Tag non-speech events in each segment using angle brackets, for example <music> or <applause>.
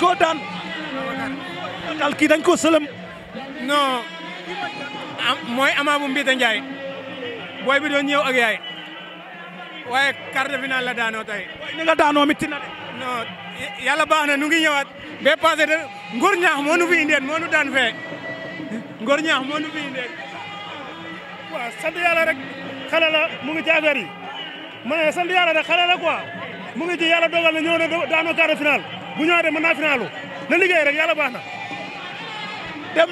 dañ daan daal kii dañ koo sëlëm. non mooy Ama bu Mbita Ndiaye booy bi doon ñëw ak yaay waaye quart de la daanoo tey. ni nga daanoo mi yàlla baax na nu ngi ñëwaat bee passé de ngor ñaax moo nu fi indeen moo nu daan fee ngor ñaax moo nu fi indeen. waaw sant yàlla rek xale la mu ngi ci affaire yi ma ne sant yàlla rek xale la mu ngi ci yàlla dogal na daanoo quart de bu ñëwaatee ma naa finaalu na liggéey rek yàlla baax na dem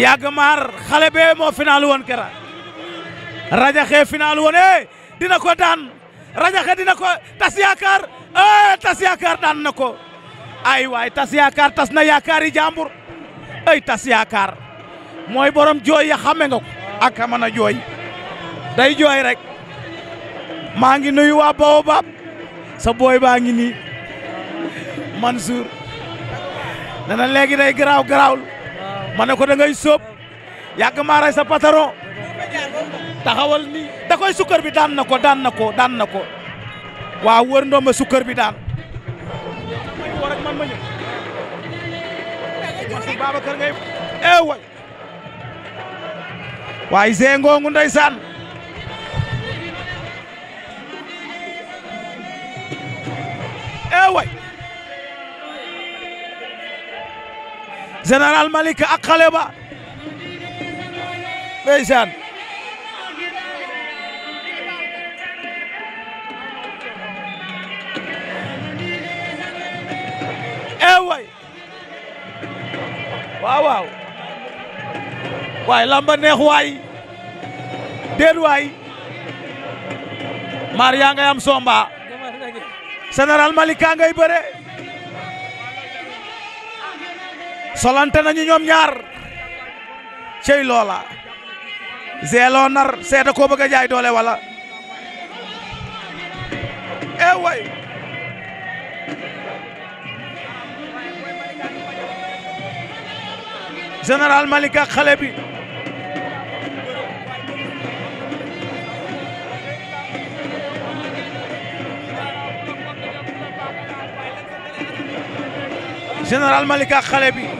yàgg maar xale bee moo final woon kera rajaxe final woon eh dina ko daan rajaxe dina ko tas yaakaar eh tas yaakaar daan na ko ay waay tas yaakaar tas na yaakaari jàmbur ay tas yaakaar mooy borom jooy ya xame nga ko jooy day jooy rek maa ngi nuyu waa Baobab sa booy baa ngi nii Mansour nee na léegi day garaaw garaawul ma ne ko da ngay sóob yàgg maa sa patron taxawal ni da koy bi daan na ko daan na ko daan na ko waaw wër ndoom ma sukkar bi daan war ak man ma ñëw ma si Babacar ngay eewal waaye Zé général Malick ak xale ba ndeysaan ee eh, waay waaw waaw waay lamba neex waay maar yaa ngay am somba général Malick kaa ngay bëre solante nañu ñoom ñaar cey loola zeeloo nar seeda koo bëgg a jaay doole wala eh way général Malika xale Malika xale bi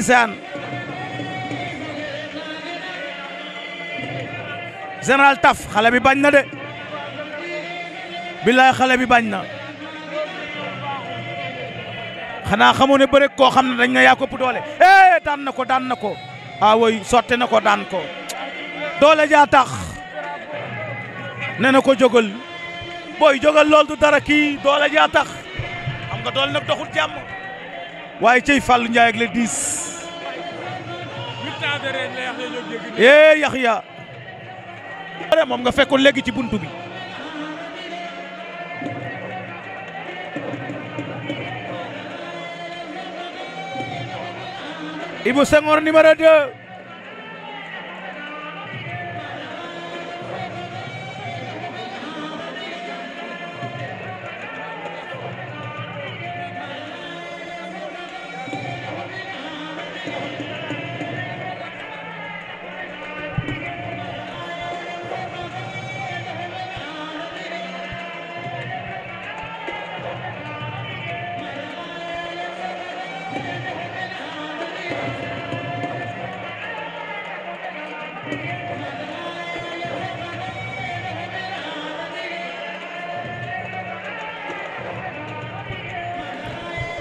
ndeysaan taf xale bi bañ na de billaay xale bi bañ na xanaa xamoo ne bëre koo xam ne dañ na yaa ko doole eh daan na ko daan na ko ah sotte na ko daan ko doole jaa tax nee na ko jógal booy jógal lool du dara kii doole jaa tax xam nga doole nag doxul jàmm waaye cey Fallou Ndiaye ak le 10 ee Yaxya moom nga fekkoon léegi ci buntu bi Ibou Senghor numéro 2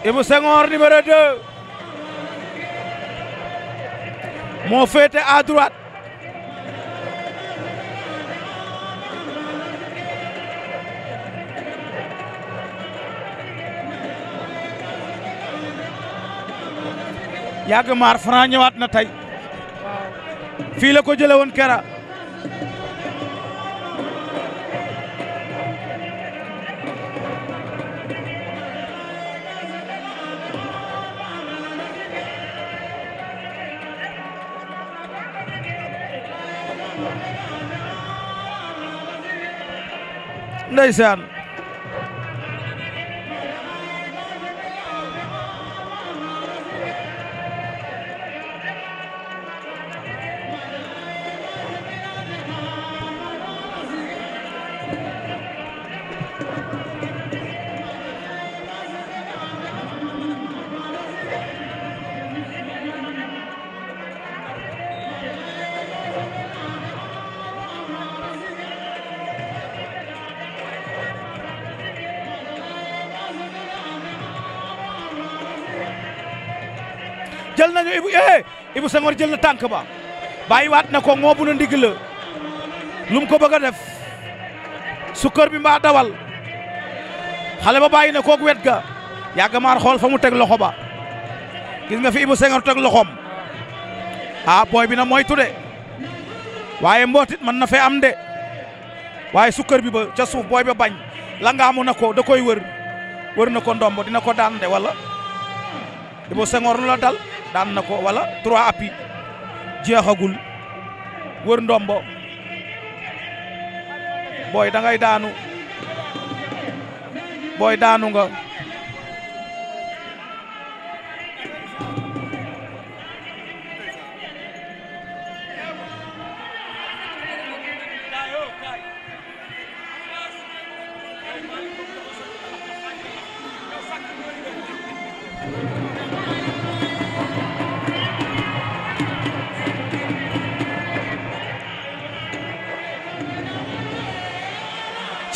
Ibou Senghor numéro 2 na tey fii la ko jëlee woon kera ndeysaan jël nañu Ibou eh Ibou Senghor jël na tànk ba bàyyiwaat na ko ngoobu na ndigg la lu ko bëgg a def sukkër bi mbaa dawal xale ba baa na koog wet ga yàgg xool fa mu teg loxo ba gis nga fi Ibou Senghor teg loxoom ah booy bi na moytu de waaye mbootit mën na fee am de waaye sukkër bi ba ca suuf booy ba bañ la na ko da koy wër wër na ko ndombo dina ko daan de wala Ibou Senghor lu dal daan na ko wala trois appuis jeexagul wër ndombo booy da ngay daanu booy daanu nga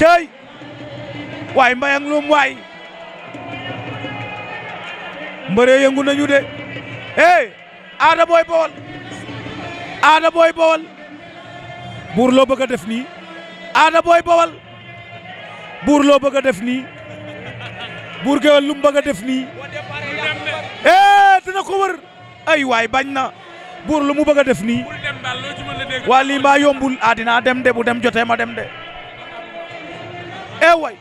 cey waay mbay ak lum waay mbëre yëngu nañu de hey aada booy bawol aada booy bawol buur loo bëgg a def nii aada booy bawol buur loo bëgg a def nii buur géwél lum bëgg a def nii eh dina ko wër waay bañ na buur lu mu bëgg a def nii waa lii mbaa yombul ah dem de bu dem jotee ma dem de ee eh way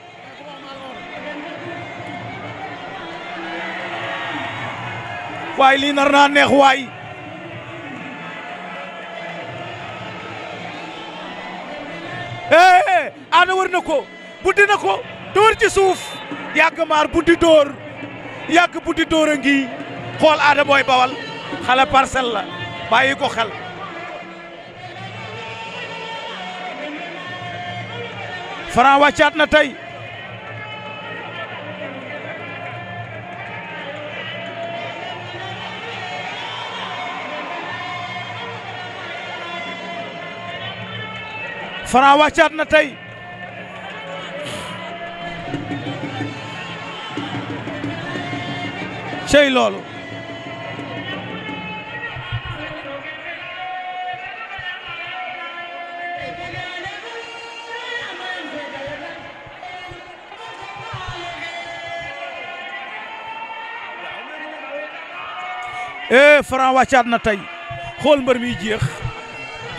waay lii nar naa neex waay ee eh, eh, ana wër na ko buddi na ko dóor ci suuf yàgg maar buddi dóor yàgg buddi dóor ngi xool aada booy bawal xale parcelle la bàyyi ko xel Franc wàccaat na tey Franc wàccaat na tey cey lool eh Franc wàccaat na tey xool mbër mi jeex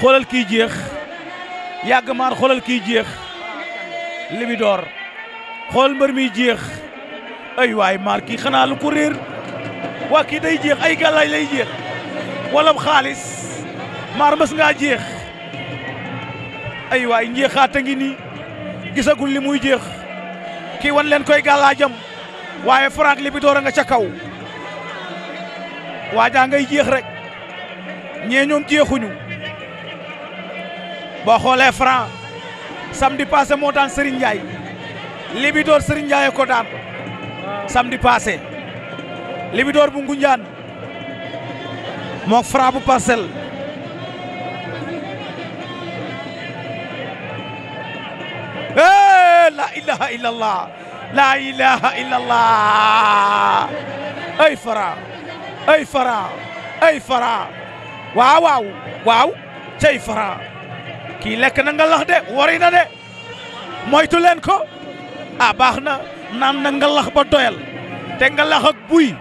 xoolal kii jeex yàgg maar xoolal kii jeex Libidor xool mbër mi jeex ay waay maar kii xanaa lu ko réer waa kii day jeex ay gàllaay lay jeex wala xaalis maar mës ngaa jeex ay waay njeexaat a ngi nii gisagul li muy jéex kii wan leen koy gàllaajam waaye Franc Libidor a nga ca kaw waajaa ngay jeex rek ñee ñoom jeexuñu boo xoolee franc samedi passé moo daan Serigne Ndiaye libidoor Serigne Ndiaye ko daan samedi passé libidoor bu Ngunjaan mook franc bu parcelle hey, la ilaha illallah la ilaha illallah ay ay Fara ay Fara waaw waaw waaw cey Fara kii lekk na nga lax de wari na de moytu leen ko ah baax na naan na nga lax ba doyal te nga lax ak buy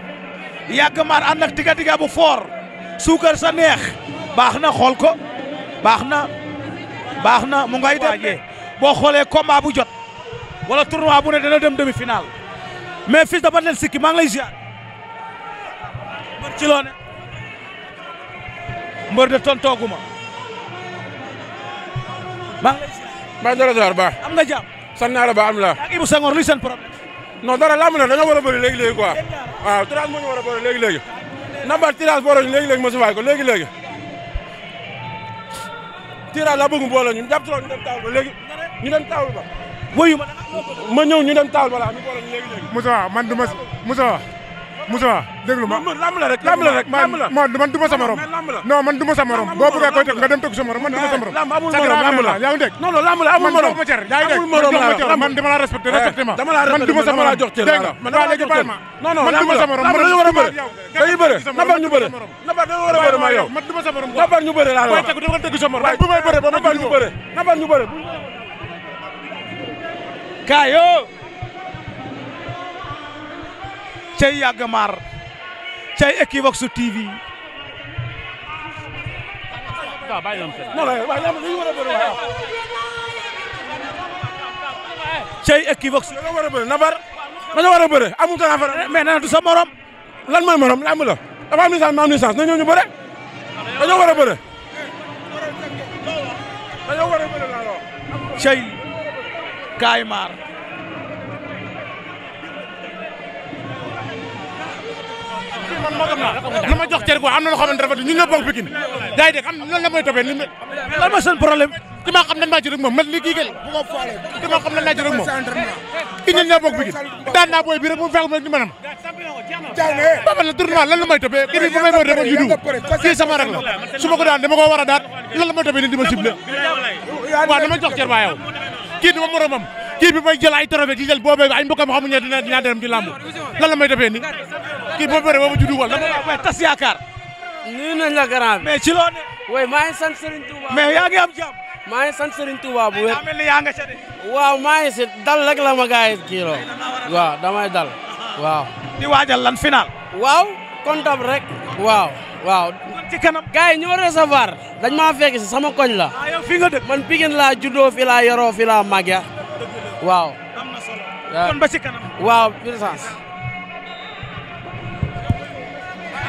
yàgg maar ànd ak diga diga bu foor suukar sa neex baax na xool ko baax na baax na mu ngay dem boo xoolee combat bu jot wala tournoi bu ne dana dem demi-finale mais fils de Batlel Sikki maa ngi lay mbër ci de ton toogu ma ma dara jaar baax am nga jàmm sant naa la baax am la ak Ibou Senghor seen problème non dara lamb la dañoo war a bëri léegi léegi quoi waaw tirage moo ñu war a bëri léegi léegi nambar tirage boo roñ léegi léegi ma ko léegi léegi tirage la bëgg boole ñu jàpp ñu dem taawul ba léegi ñu dem taawul ba ma ma ñëw ñu dem taawul ba la ñu boole léegi léegi Moussa man Moussa déglu ma lamb la rek lamb la rek lamb la man man du ma sama rom non man du ma sama rom boo bëggee koy teg nga dem teg sama rom man du ma sama rom lamb amul morom lamb la yaa ngi dégg non non lamb la amul morom ma cer yaa ngi dégg man dama la respecté eh, respecté ma man du ma sama rom dégg nga waaw léegi baal ma non non man du ma sama rom man dañu war a bëre dañuy bëre nabar ñu bëre nabar dañu war a bëre ma yow man du ma sama rom nabar ñu bëre laa la wax dama teg sama rom bu may bëre ba nabar ñu bëre nabar ñu bëre kayo cay yàgg maar cay Equivox TV. waaw bàyyi la cey Equivox. da nga war a bëri nabar da nga war a eh, sa morom. lan mooy la dafa am licence ma am licence na ñëw ñu a bëri war a bëri laa cey Kaay Maar. man magam naa na ma jox cër quoi am na loo xamante rafetlu ñun ñoo bokk Pikine yaa ngi dégg am loolu la ma seen problème ki ma xam nan maa ci rek moom man li kii gën ma xam nan naa ci rek moom i ñun ñoo bokk Pikine daan naa booy bi mu fekk ma ni manam baba la lan la may toppee kii bi ba may boo kii sama la su ko daan dama ko war a daan lan la may toppee ni di ma ciblé waaw dama jox cër waa yow kii duma moromam kii bi may jël ay trophée di jël ay mbokkam xamuñu ne dina dina dem ci kii boo bëree boobu ju dugal la mais tas yaakaar. nuyu nañ mais ci ne. oui maa ngi sant Serigne Touba. mais yaa am jàmm. maa ngi sant Serigne bu wér. mel ni yaa waaw maa ngi si dal rek la ma gars yi kii loo waaw damay dal waaw. di waajal lan final. waaw kontab rek. waaw waaw. ci kanam gars yi ñoo recevoir. dañ maa fekk si sama koñ la. ah yow man Pikine laa juddoo fi laa yoroo fi laa màggee. waaw. am na waaw puissance.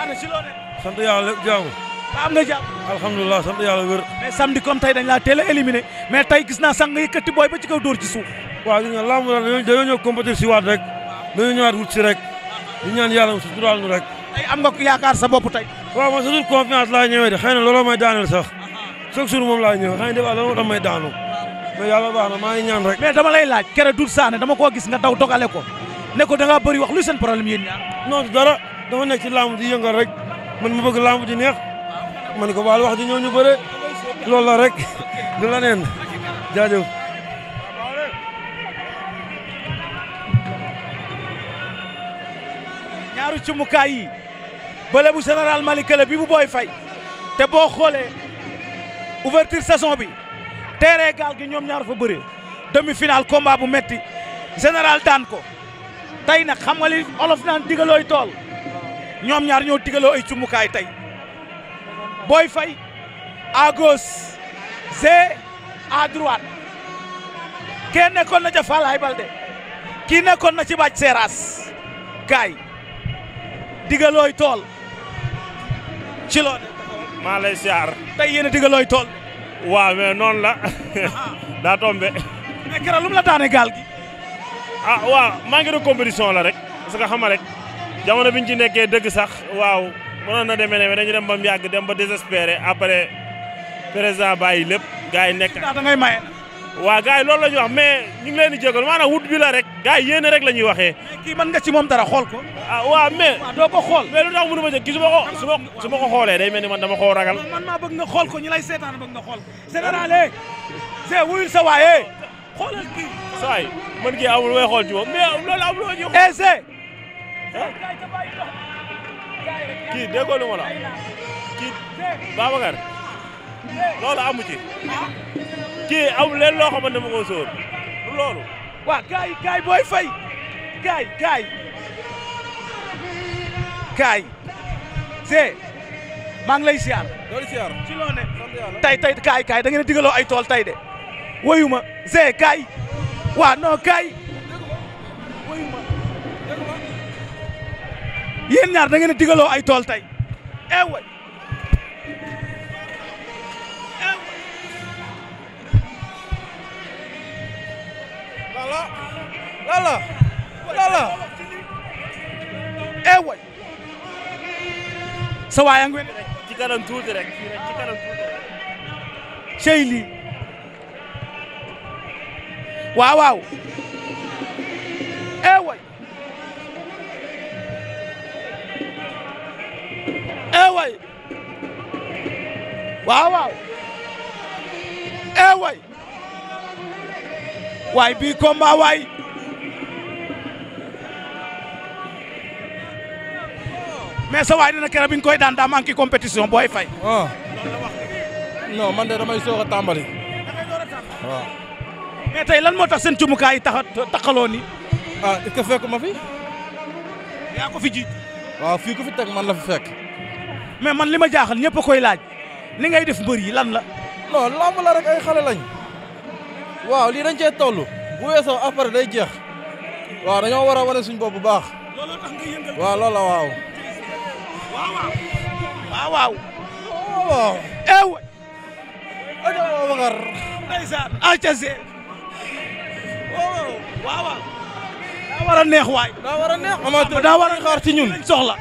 Sané si loo ne. sant yàlla lépp jaamu. am nga jàmm. alhamdulilah sant yàlla wér. mais samedi comme tey dañ laa teel a éliminé mais tey gis naa sànq yëkkati booy ba ci kaw dóor ci suuf. waaw gis nga làmb dañoo dañoo ñëw si waat rek dañoo ñëwaat wut si rek di ñaan yàlla su tural nu rek. tey am nga yaakaar sa bopp tey. waaw man sa suuf confiance laa ñëwee de xëy na looloo daaneel sax chaque moom laa ñëwee xëy na débat loolu daanu mais yàlla baax da ngaa bëri wax lu seen problème dafa nekk ci làmb di yëngal rek man mu bëgg ji di neex man ko baal wax di ñëw ñu bëre loolu la rek <laughs> du la neen ñaaru ci mukaay yi bële bu général Malika bi bu booy fay te boo xoolee ouverture saison bi teeree gaal gi ñoom ñaar fa bëree demi final combat bu metti général daan ko tey nag xam nga li olof naan digalooy tool ñoom ñaar ñoo digaloo ay cumukaay tey Boy Faye à gauche Zé à droite kee nekkoon na ca Falaye Balde kii nekkoon na ci bàj seeraas gaay digalooy tool ci loone maa lay siyaar tey yéen a digalooy tool waa mais noonu la daa tombe mais keroog lu mu la daane gaal gi ah waaw maa ngi doon compétition rek parce que rek jamono biñ ci nekkee dëgg sax waaw a na demee ne dañu dem ba mu yàgg dem ba désespéré après président bàyyi lépp yi nekk. da ngay maye. waaw gars yi la ñuy wax mais ñu ngi leen di jégal maanaam wut bi la rek gars yi yéene rek la ñuy waxee. kii man nga ci moom dara xool ko. ah waaw doo ko xool. mais lu tax mënu ko su day mel ni man dama koo ragal. man maa bëgg nga xool ko ñu lay seetaan bëgg nga xool ko. général eh. c'est wuyul sa waay eh. xoolal kii. saa yi man kii xool ci moom mais kii déggoo lu ma la kii Babacar loolu amu ci kii amul leen loo xamante ne ma ko sóor du loolu. waaw booy fay gaay gaay gaay see maa lay siyaar. loolu siyaar ci loo ne. tey tey kaay kaay da ay tool tey de. woyuma see kaay. waa non kaay. yéen ñaar da ngeen a digaloo ay tool tey ewe eh lala lala lala ewe eh sa waaya ngeen ci kanam tuuti rek ci kanam tuuti rek cey lii waaw waaw way waaw waaw ee eh, way waay bii combat waay mais waay dina keroog bi koy daan daa manqué compétition booy fay. waaw ah. man de damay soog a tàmbali. waaw. mais tey lan moo tax seen cumukaay yi tax a ni ah est-ce fekk ma fi. yaa ko fi ji. waaw fii ku fi teg man la fi fekk. mais man li ma jaaxal ñëpp koy laaj li ngay def mbër yi lan la. non lamb la rek ay xale lañ waaw lii dañ cee toll bu weesoo après day jeex waaw dañoo war a wane suñ bopp bu baax. looloo waaw loolu waaw. waaw waaw. waaw. waaw Bakar. ndeysaan neex waay. daa war daa war a xaar ci ñun soxla.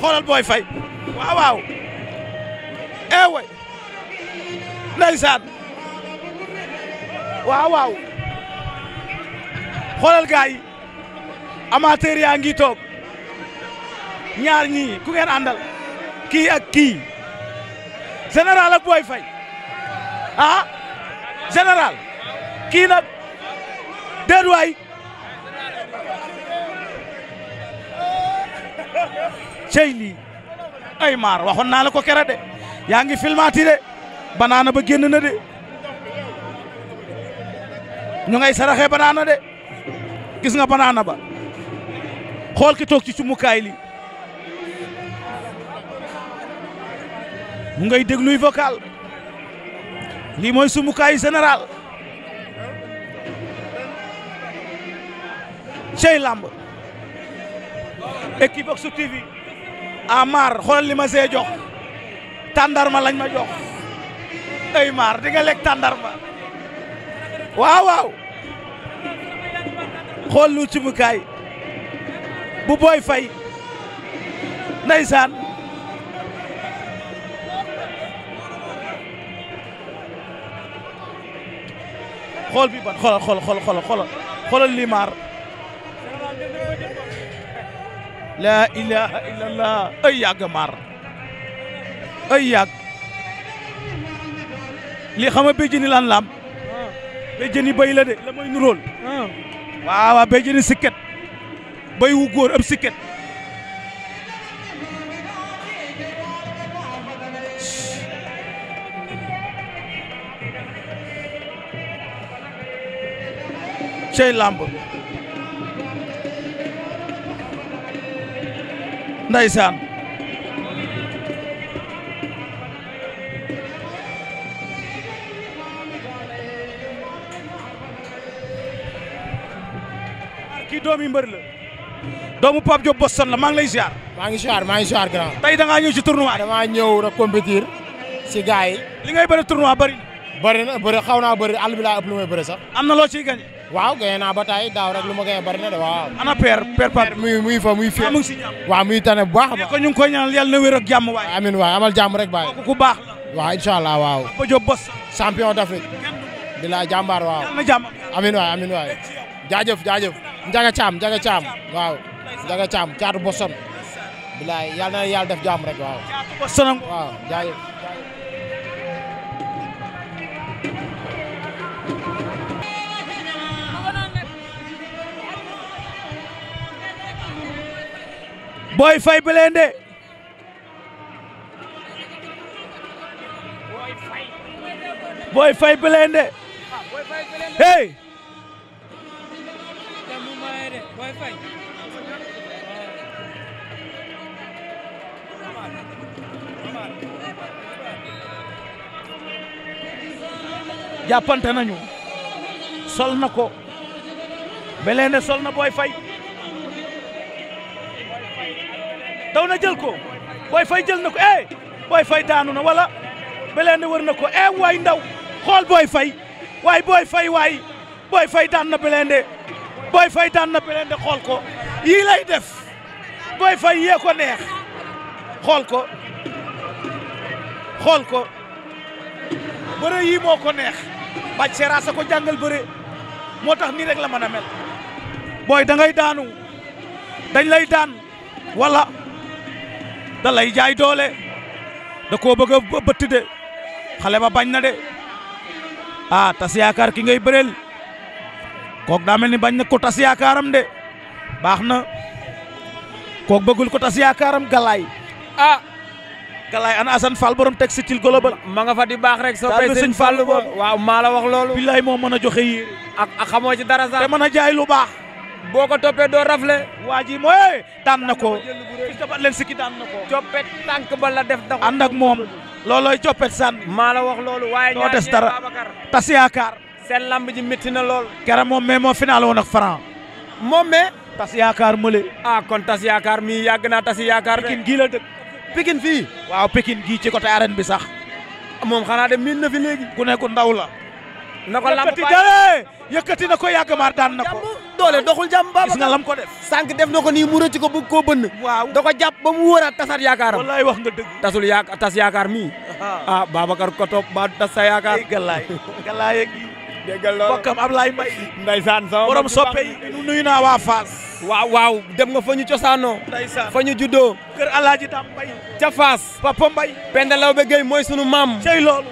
xoolal booy fay waaw waaw eh way ndeysaan waaw waaw xoolal gaay yi amateur yaa ngi toog ñaar ñii ku ngeen àndal kii ak kii général ak booy fay ah général kii nag déet waay cey lii ay maar waxoon naa la ko kera de yaa ngi filmaati de banaana ba génn na de ñu ngay saraxee banaana de gis nga banaana ba xool ki toog ci cumukaay li mu ngay dégluy vocal lii mooy sumukaayu général cey làmb Equivox TV a maar xoolal li ma see jox tàndarma lañ ma jox ay maar di nga lekk tàndarma waaw waaw xool lu ci mukaay bu booy fay ndeysaan xool bi ban xoolal xoolal xoolal xoolal xoolal lii maar laa ilaha illallah ay yàgg maar ay yàgg li xama béjjëni lan lam ah. béjjëni béy la may nuróol ah. waaw waaw béjjëni sikket béy wu góor am sikket cey làmb ndeysaan kii doomi mbër la doomu Pape Diop Boston la maa ngi lay ziar maa ngi ziar maa ngi ziar grand tey da ngaa ñëw ci tournoi damaa ñëw rek compétir si gars li ngay bëri tournoi bëri bëri na xaw naa bëri àll bi laa ëpp lu may bëri sax am na loo ciy gagné waaw gañe naa ba tey daaw rek lu ma gañe bari na de waaw. ana père père Pape muy muy fa muy. Ah, waaw muy tane bu baax. mais kon ñu ngi koy ñaanal yàlla na wér ak jàmm waay. amiin waay amal jàmm rek baay. ku baax la. waaw incha allah waaw. Papa Diop Boss. jàmbaar waaw. amiin waay amiin waay. jaajëf jaajëf. Njaga Caam Njaga Caam waaw. Njaga Caam caatu Boston. bilaay yàlla na yàlla def jàmm rek waaw. booy Faye Blindé Boy Faye Blindé hey jàppante nañu sol na ko Blindé sol na Boy Faye daw na jël ko booy fay jël na ko eh booy fay daanu na wala beleen wër na ko eh waay ndaw xool booy fay waay booy fay way booy fay daan na beleen de booy fay daan na beleen xool ko yii lay def booy fay yee ko neex xool ko xool ko bëre yii moo ko neex baj seeraasa ko jàngal bëre moo tax nii rek la mën a mel booy da daanu dañ lay daan wala da lay jaay doole da koo bëgg a bëtt de xale ba bañ na de ah tas yaakaar ki ngay bëreel kook daa mel ni bañ na ko tas yaakaaram de baax na kook bëggul ko tas yaakaaram galaay ah galaay ana Assane Fall borom textile global ma nga fa di baax rek soo bay sëñ Fall boobu waaw maa wax loolu billaay moo mën a joxe yii ak xamoo ci dara sax te mën a jaay lu baax boo ko toppee doo rafle waa ji mooy daan na ko Christopher Lenski daan na tànk ba la def da ànd ak moom loolooy coppet sànni maa la wax loolu waaye doo des dara tas yaakaar seen lamb ji métti na lool kera moom mais moo final woon ak Franc moom mais tas yaakaar mële ah kon tas yaakaar mi yàgg naa tas yaakaar Pikine gii la dëkk Pikine fii waaw Pikine gii ci côté arène bi sax moom xanaa de miin na fi léegi ku nekk ndaw la na ko lamb yëkkati na ko yàgg maar daan na ko. doole doxul jàmm baba gis nga ko def. def na ko nii mu rëcc ko bëgg koo bënn. waaw da ko jàpp ba mu wóoraat tasaat yaakaaram. wallaay wax nga dëgg. tasul yaakaar tas yaakaar mii. ah Babacar ko topp ba tas sa yaakaar. borom soppe yi nuyu naa waa Fass. waaw waaw dem nga fa ñu cosaanoo. ndeysaan fa ñu juddoo. kër Alaaji Dam Mbaye. ca Fass. Papa Pendalaw ba Gueye mooy sunu maam. cey loolu.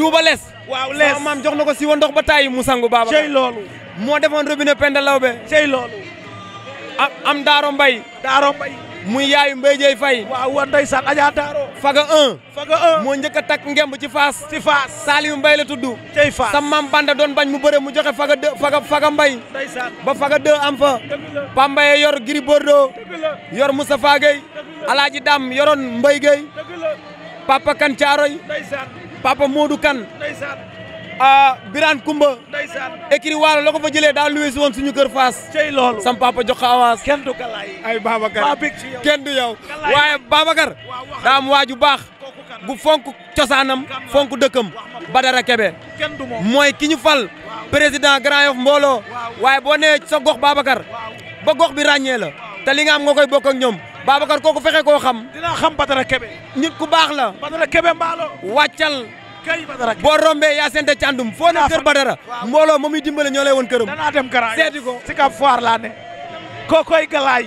Duubales waaw lees sama jox na ko si ndox ba tàyyi mu sangu baaba cey moo defoon robinet Penda Lawbe cey loolu am daaro mbay daaro mbay muy yaayu mbay jey fay waaw wa faga 1 moo njëkk takk ngemb ci faas ci faas Saliou Mbay la tudd cey faas sa maam banda doon bañ mu bëre mu joxe faga 2 faga faga mbay ba faga 2 am fa pambaye yor Gris Bordeaux yor Moustapha Gueye alaaji dam yoroon mbay Gueye papa caaroy papa Modou Kane a Birane Kumba écrit waalo la ko fa jëlee daa luwe si woon suñu kër Fass sam papa jox ko avance kenn du kalaay ay Babacar kenn du yow waaye Babacar daa am waaju baax gu fonk cosaanam fonk dëkkam Badara Kebe mooy ki ñu fal président Grand Yoff mbooloo waaye boo nee sa gox Babacar ba gox bi ràññee la te li nga am nga koy bokk ak ñoom Babacar kooku fexe koo xam. dinaa xam Badara Kebe. nit ku baax la. Badara Kebe mbaalo. wàccal. kay Badara Kebe boo rombee yaa sente càndum foo ne kër Badara. waaw mbooloo moom muy dimbale ñoo lay woon këram. danaa dem seeti ko. si ka foire laa ne. kookoy galaay.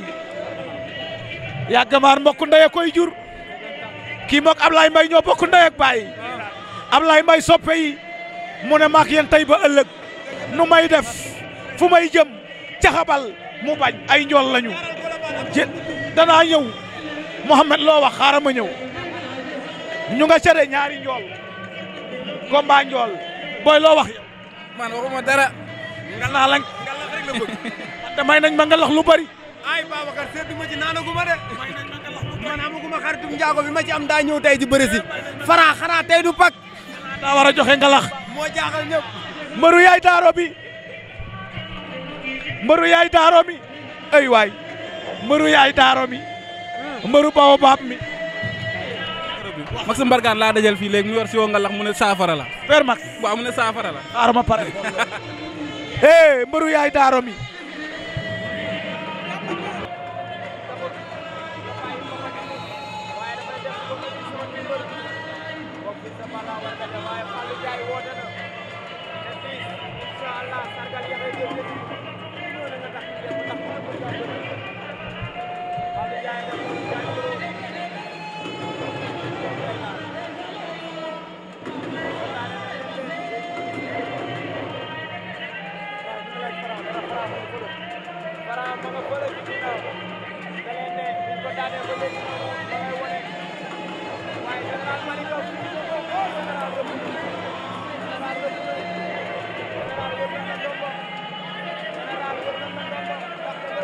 yaa gamaar mbokku ndey koy jur. kii moog Ablaye Mbaye ñoo bokk ndey ak baay. Ablaye Mbaye soppe yi. mu ne maak yéen tey ba ëllëg. nu may def. fu may jëm. caxabal mu bañ ay njool lañu. danaa ñëw Mouhamed loo wax xaaral ma ñëw ñu nga cere ñaari njool combat njool booy loo wax man waxuma dara. nga laax la nga <laughs> nañ ma nga lax lu bari. ay Babacar seetlu ma ci naanagu ma de. may nañ ma nga lax lu bi ma ci am daa ñëw tey ji bëri si. fara xanaa tey du pak. daa war a joxe nga lax. moo jaaxal mbëru yaay daaro bi mbëru yaay daaro mi mbëru yaay daaro mi mbëru bawo baab mi Max Mbargaan laa dajal fii léegi mu yor si woo nga lax mu ne saafara la père Max waaw mu ne saafara la xaaral ma pare <laughs> eh mbëru yaay daaro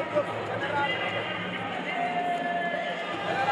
General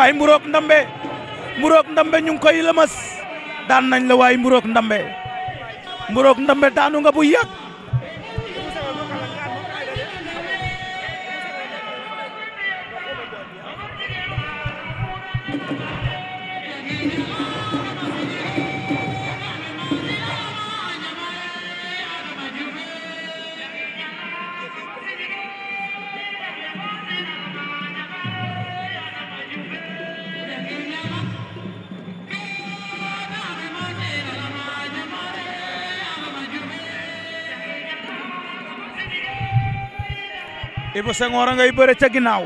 waay mburook ndambe mburook ndambe ñu ngi koy lëmas daan nañ la waay mburook ndambe mburook ndambe daanu nga bu yàgg Senghor a ngay bëre ca ginnaaw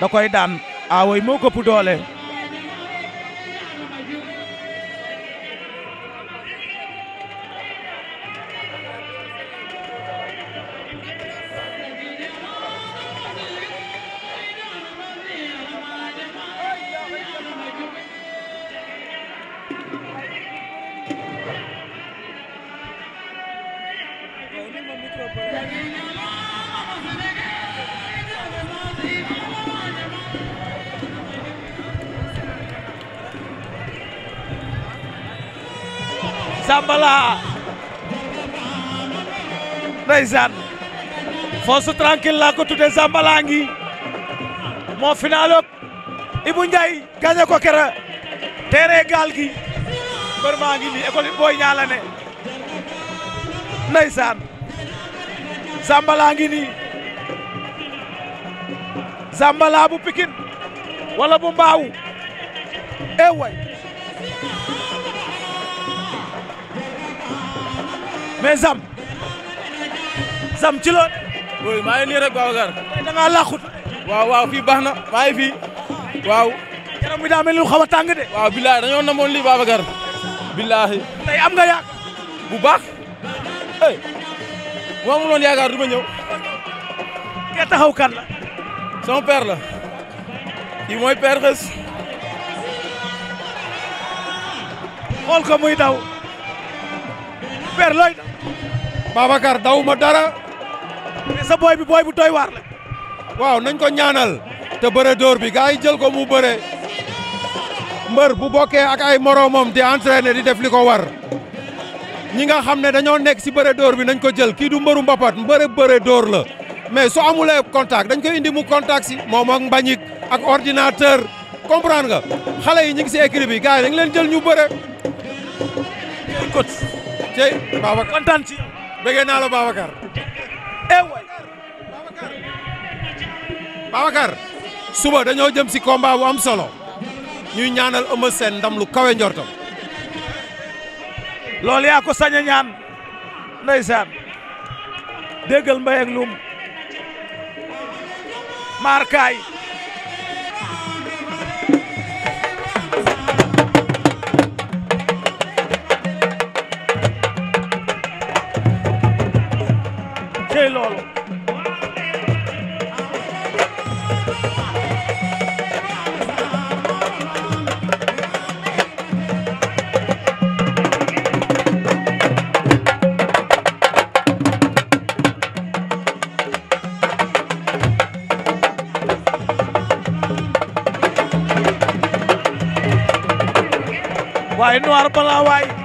da koy daan aaway moo këpp doole Zambala ndeysaan force tranquille laa ko tuddee ngi moo final op Ibou Ndiaye ko kera teere gaal gi mbër maa ngi nii école booy ñaala ne ndeysaan Zambala ngi nii Zambala bu pikin walla bu Mbaaw eh mais Zam Zam ci loon. oui maa ngi nii rek Babacar. tey da waaw waaw fii baax na maa ngi waaw. yaram bi daa mel ni lu xaw a tàng de. waaw billaahi dañoo namoon lii Babacar. billaahi. tey am nga yaak bu baax. hey mu amuloon yaakaar du ma ñëw. kee taxaw kan la. sama la. kii mooy père xës. xool ko muy daw. père looy Babacar dawuma dara. mais sa booy bi booy bu doy la. waaw nañ ko ñaanal. te bëre dóor bi gars yi jël ko mu bëre. mbër bu bokkee ak ay moroomam di entraîner di def li ko war. ñi nga xam ne dañoo nekk si bëre dóor bi nañ ko jël kii du mbëru mbapat mbëre bëre dóor la. mais su amulee contact dañ ko indi mu contact si moom ak mbañik ak ordinateur comprendre nga xale yi ñu ngi si écrit bi gars yi leen jël ñu bëre. coach. tey Babacar kontaan bëggee naa la Babacar. eh waay Babacar. Babacar. suba dañoo jëm si combat solo. ñuy ñaanal Eumeu sen ndam lu kawe njortam. loolu yaa ko sañ a ñaan. ndeysaan. déggal mbay ak lum. plan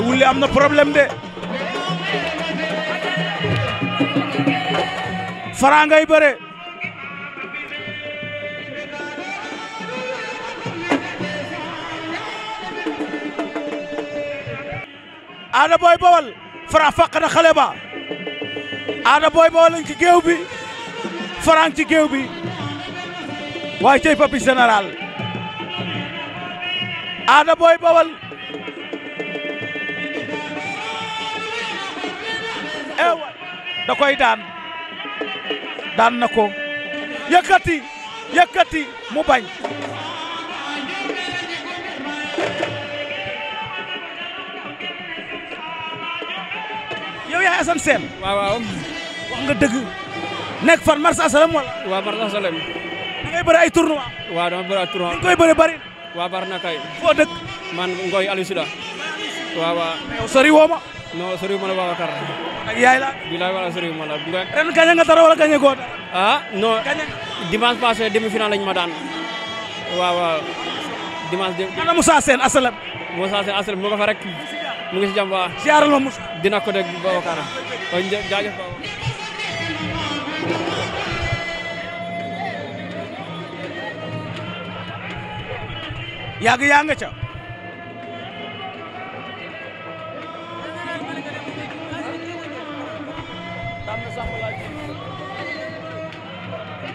waaye am na problème de Fara ngay bëre Ada Boy Baol Fara fàq na xale ba ci géew bi Fara ci géew bi waaye cey Papis Général Ada Boy da daan daan na ko yëkkati yëkkati mu bañ yow yaay Assane Sène waaw waaw wax nga dëgg nekk fan mars asalam wala waaw mars asalam da ngay bëri ay tournoi waaw dama bëri ay tournoi ni koy bëri bëri waaw bari na kay foo dëkk man Ngoy Aliou Sida waaw waaw sori woo non soriw ma la Babacar. ak yaay la. bilaay wala soriw ma la. ren kañ nga dara wala kañ nga koo dara. ah non dimanche passé demi final ma daan waaw waaw dimanche. ana Moussa Sène asalaam. Moussa Sène mu nga fa rek mu ngi si jàmm ma Moussa. dina ko dégg Babacar kon jaajëf Babacar. nga ca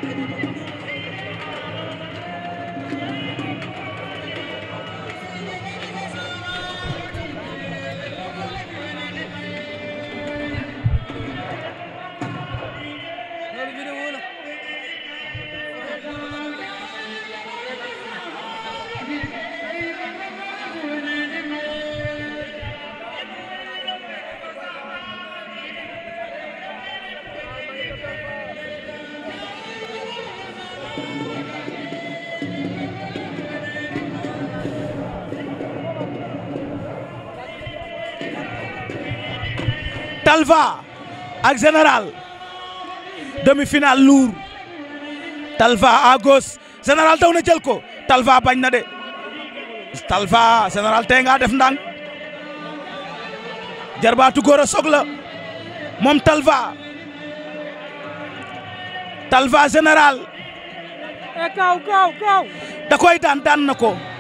Thank you. Talfa ak général demi-finale lourd Talfa à gauche daw na jël ko Talfa bañ na de Talfa général tey nga def ndànk jarbaatu góor a soog la moom Talfa Talfa eh, daan daan na ko.